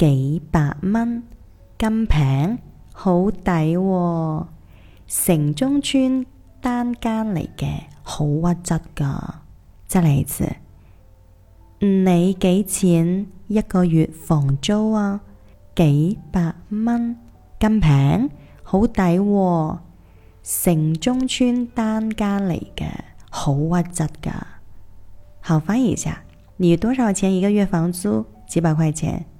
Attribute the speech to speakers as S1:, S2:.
S1: 幾百蚊咁平，好抵喎。城中村單間嚟嘅，好屈質噶。再嚟一次，你幾錢一個月房租啊？幾百蚊咁平，好抵喎。城中村單間嚟嘅，好屈質噶。好，翻譯一下，你有多少錢一個月房租？幾百塊錢。